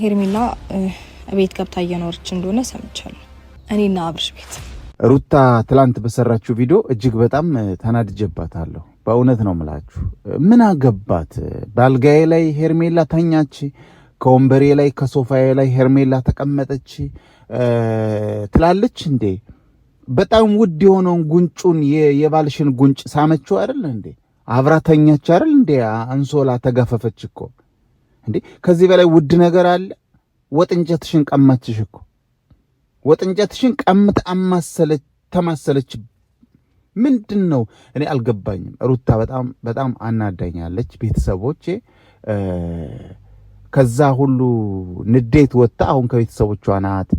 ሄርሜላ ቤት ገብታ እየኖረች እንደሆነ ሰምቻለሁ። እኔና አብርሽ ቤት ሩታ ትላንት በሰራችሁ ቪዲዮ እጅግ በጣም ተናድጄባታለሁ። በእውነት ነው ምላችሁ። ምን አገባት? ባልጋዬ ላይ ሄርሜላ ተኛች፣ ከወንበሬ ላይ ከሶፋዬ ላይ ሄርሜላ ተቀመጠች ትላለች እንዴ? በጣም ውድ የሆነውን ጉንጩን የባልሽን ጉንጭ ሳመችው አይደል እንዴ? አብራ ተኛች አይደል እንዴ? አንሶላ ተጋፈፈች እኮ እንዴ ከዚህ በላይ ውድ ነገር አለ? ወጥ እንጨትሽን ቀማችሽ እኮ ወጥንጨትሽን ቀምት አማሰለች ተማሰለች። ምንድን ነው እኔ አልገባኝም። ሩታ በጣም በጣም አናዳኛለች። ቤተሰቦቼ ከዛ ሁሉ ንዴት ወጥታ አሁን ከቤተሰቦቿ ናት።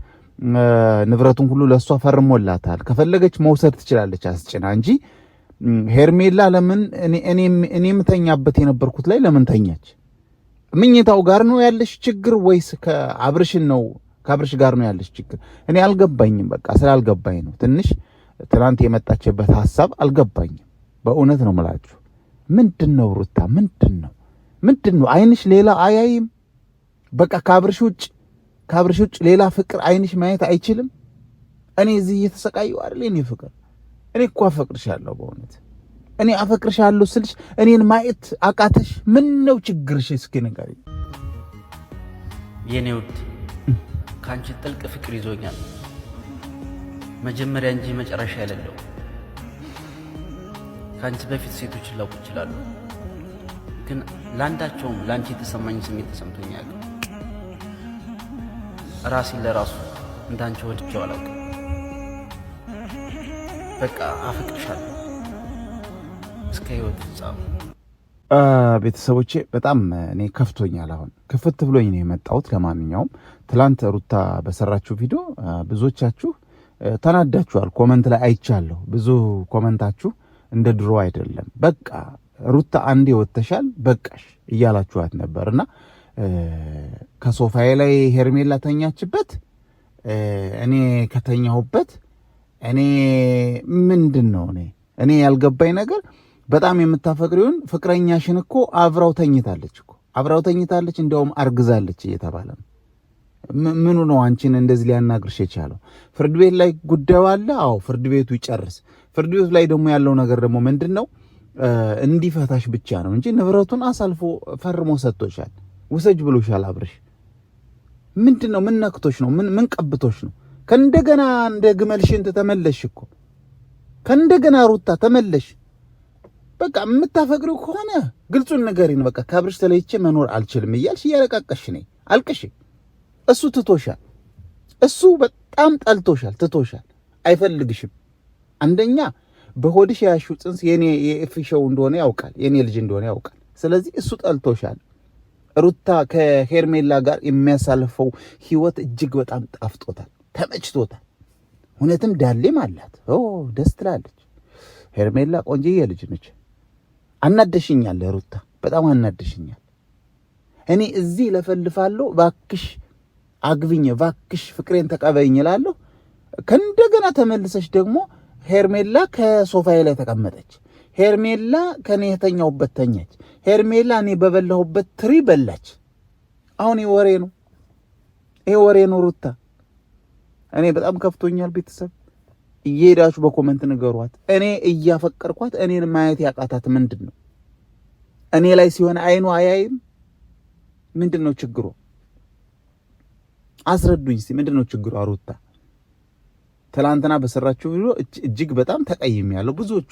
ንብረቱን ሁሉ ለእሷ ፈርሞላታል። ከፈለገች መውሰድ ትችላለች አስጭና እንጂ ሄርሜላ ለምን እኔ የምተኛበት የነበርኩት ላይ ለምን ተኛች? ምኝታው ጋር ነው ያለሽ ችግር ወይስ ከአብርሽን ነው ከአብርሽ ጋር ነው ያለሽ ችግር? እኔ አልገባኝም። በቃ ስላልገባኝ ነው ትንሽ ትናንት የመጣችበት ሀሳብ አልገባኝም። በእውነት ነው ምላችሁ። ምንድን ነው ሩታ? ምንድን ነው ምንድን ነው አይንሽ ሌላ አያይም? በቃ ከአብርሽ ውጭ ከአብርሽ ውጭ ሌላ ፍቅር አይንሽ ማየት አይችልም? እኔ እዚህ እየተሰቃየሁ አይደል? እኔ ፍቅር እኔ እኮ አፈቅርሻለሁ በእውነት እኔ አፈቅርሻለሁ ስልሽ እኔን ማየት አቃተሽ? ምን ነው ችግርሽ? እስኪ ንገሪኝ የኔ ውድ። ከአንቺ ጥልቅ ፍቅር ይዞኛል፣ መጀመሪያ እንጂ መጨረሻ የሌለው። ከአንቺ በፊት ሴቶች ላውቅ ይችላሉ። ግን ለአንዳቸውም ለአንቺ የተሰማኝ ስሜት ተሰምቶኛል። ራሴን ለራሱ እንዳንቺ ወድጄው አላውቅም። በቃ አፈቅርሻለሁ። እስከ ህይወት ፍጻሜ ቤተሰቦቼ በጣም እኔ ከፍቶኛል። አሁን ክፍት ብሎኝ ነው የመጣሁት። ለማንኛውም ትላንት ሩታ በሰራችሁ ቪዲዮ ብዙዎቻችሁ ተናዳችኋል። ኮመንት ላይ አይቻለሁ። ብዙ ኮመንታችሁ እንደ ድሮ አይደለም፣ በቃ ሩታ አንዴ ወተሻል በቃሽ እያላችኋት ነበር እና ከሶፋዬ ላይ ሄርሜላ ተኛችበት፣ እኔ ከተኛሁበት። እኔ ምንድን ነው እኔ እኔ ያልገባኝ ነገር በጣም የምታፈቅሪውን ፍቅረኛሽን እኮ አብራው ተኝታለች እኮ አብራው ተኝታለች፣ እንዲያውም አርግዛለች እየተባለ ነው። ምኑ ነው አንቺን እንደዚህ ሊያናግርሽ የቻለው? ፍርድ ቤት ላይ ጉዳዩ አለ። አዎ ፍርድ ቤቱ ይጨርስ። ፍርድ ቤቱ ላይ ደግሞ ያለው ነገር ደግሞ ምንድን ነው? እንዲፈታሽ ብቻ ነው እንጂ ንብረቱን አሳልፎ ፈርሞ ሰጥቶሻል። ውሰጅ ብሎሻል። አብርሽ ምንድን ነው? ምን ነክቶሽ ነው? ምን ቀብቶሽ ነው? ከእንደገና እንደ ግመል ሽንት ተመለሽ እኮ ከእንደገና ሩታ ተመለሽ። በቃ የምታፈቅሪው ከሆነ ግልጹን ንገሪን። በቃ ከአብርሽ ተለይቼ መኖር አልችልም እያልሽ እያለቃቀሽ ነኝ አልቅሽ። እሱ ትቶሻል። እሱ በጣም ጠልቶሻል፣ ትቶሻል፣ አይፈልግሽም። አንደኛ በሆድሽ ያሹ ፅንስ የኔ የእፍሸው እንደሆነ ያውቃል፣ የኔ ልጅ እንደሆነ ያውቃል። ስለዚህ እሱ ጠልቶሻል። ሩታ ከሄርሜላ ጋር የሚያሳልፈው ህይወት እጅግ በጣም ጣፍጦታል፣ ተመችቶታል። እውነትም ዳሌም አላት፣ ደስ ትላለች። ሄርሜላ ቆንጆዬ ልጅ ነች። አናደሽኛል ሩታ፣ በጣም አናደሽኛል። እኔ እዚህ ለፈልፋለሁ፣ ባክሽ አግብኝ፣ ባክሽ ፍቅሬን ተቀበይኝ እላለሁ። ከእንደገና ተመልሰች ደግሞ ሄርሜላ ከሶፋዬ ላይ ተቀመጠች፣ ሄርሜላ ከኔ የተኛሁበት ተኛች፣ ሄርሜላ እኔ በበላሁበት ትሪ በላች። አሁን ይሄ ወሬ ነው፣ ይሄ ወሬ ነው ሩታ። እኔ በጣም ከፍቶኛል ቤተሰብ እየሄዳችሁ በኮመንት ንገሯት። እኔ እያፈቀርኳት እኔን ማየት ያቃታት ምንድን ነው? እኔ ላይ ሲሆን አይኑ አያይም። ምንድን ነው ችግሯ? አስረዱኝ እስኪ ምንድን ነው ችግሩ? አሩታ ትላንትና በሰራችሁ ቪዲዮ እጅግ በጣም ተቀይም ያለው ብዙዎቹ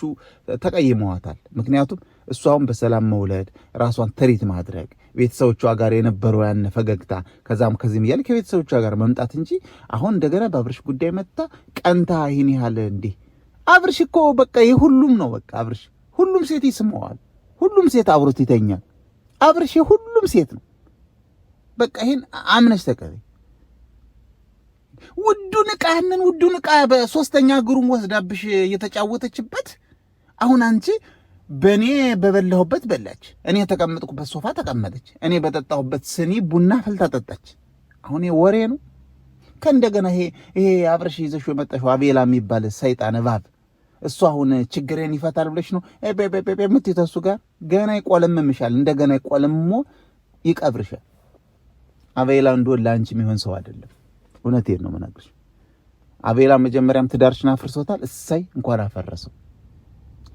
ተቀይመዋታል። ምክንያቱም እሷን በሰላም መውለድ ራሷን ትሪት ማድረግ ቤተሰቦቿ ጋር የነበረው ያን ፈገግታ ከዛም ከዚህም እያለ ከቤተሰቦቿ ጋር መምጣት እንጂ አሁን እንደገና በአብርሽ ጉዳይ መጥታ ቀንታ ይህን ያህል እንዲህ አብርሽ እኮ በቃ ይህ ሁሉም ነው። በቃ አብርሽ ሁሉም ሴት ይስመዋል፣ ሁሉም ሴት አብሮት ይተኛል። አብርሽ ሁሉም ሴት ነው። በቃ ይህን አምነሽ ተቀበይ። ውዱን ዕቃ ያንን ውዱን ዕቃ በሶስተኛ እግሩም ወስዳብሽ እየተጫወተችበት አሁን አንቺ በእኔ በበላሁበት በላች፣ እኔ የተቀመጥኩበት ሶፋ ተቀመጠች፣ እኔ በጠጣሁበት ስኒ ቡና ፈልታ ጠጣች። አሁን ወሬ ነው። ከእንደገና ይሄ አብረሽ ይዘሽ የመጣሽው አቤላ የሚባል ሰይጣን እባብ እሱ አሁን ችግሬን ይፈታል ብለሽ ነው የምትይው። ጋር ገና ይቆለምምሻል፣ እንደገና ይቆለምሞ ይቀብርሻል። አቤላ እንዶ ለአንቺ የሚሆን ሰው አይደለም። እውነቴን ነው የምነግርሽ። አቤላ መጀመሪያም ትዳርሽን አፍርሶታል። እሳይ እንኳን አፈረሰው።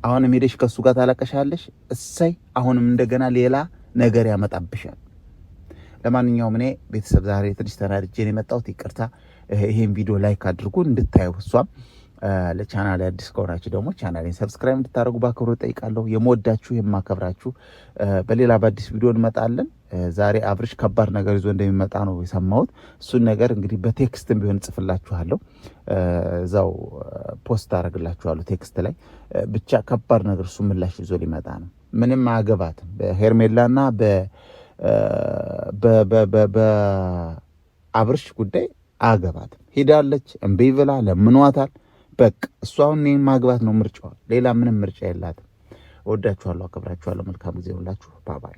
አሁንም ሄደሽ ከእሱ ጋር ታለቀሻለሽ። እሰይ አሁንም እንደገና ሌላ ነገር ያመጣብሻል። ለማንኛውም እኔ ቤተሰብ ዛሬ ትንሽ ተናድጄ ነው የመጣሁት። ይቅርታ። ይሄን ቪዲዮ ላይክ አድርጉ እንድታዩ እሷም ለቻናል አዲስ ከሆናችሁ ደግሞ ቻናሌን ሰብስክራይብ እንድታደርጉ በአክብሮት ጠይቃለሁ። የምወዳችሁ የማከብራችሁ፣ በሌላ በአዲስ ቪዲዮ እንመጣለን። ዛሬ አብርሽ ከባድ ነገር ይዞ እንደሚመጣ ነው የሰማሁት። እሱን ነገር እንግዲህ በቴክስትም ቢሆን ጽፍላችኋለሁ፣ እዛው ፖስት አደርግላችኋለሁ ቴክስት ላይ ብቻ። ከባድ ነገር እሱ ምላሽ ይዞ ሊመጣ ነው። ምንም አያገባትም በሄርሜላና በአብርሽ ጉዳይ አያገባትም። ሄዳለች፣ እምቢ ብላ ለምኗታል። በቃ እሱ አሁን እኔን ማግባት ነው ምርጫዋ። ሌላ ምንም ምርጫ የላትም። እወዳችኋለሁ፣ አከብራችኋለሁ። መልካም ጊዜ ሁላችሁ። ባባይ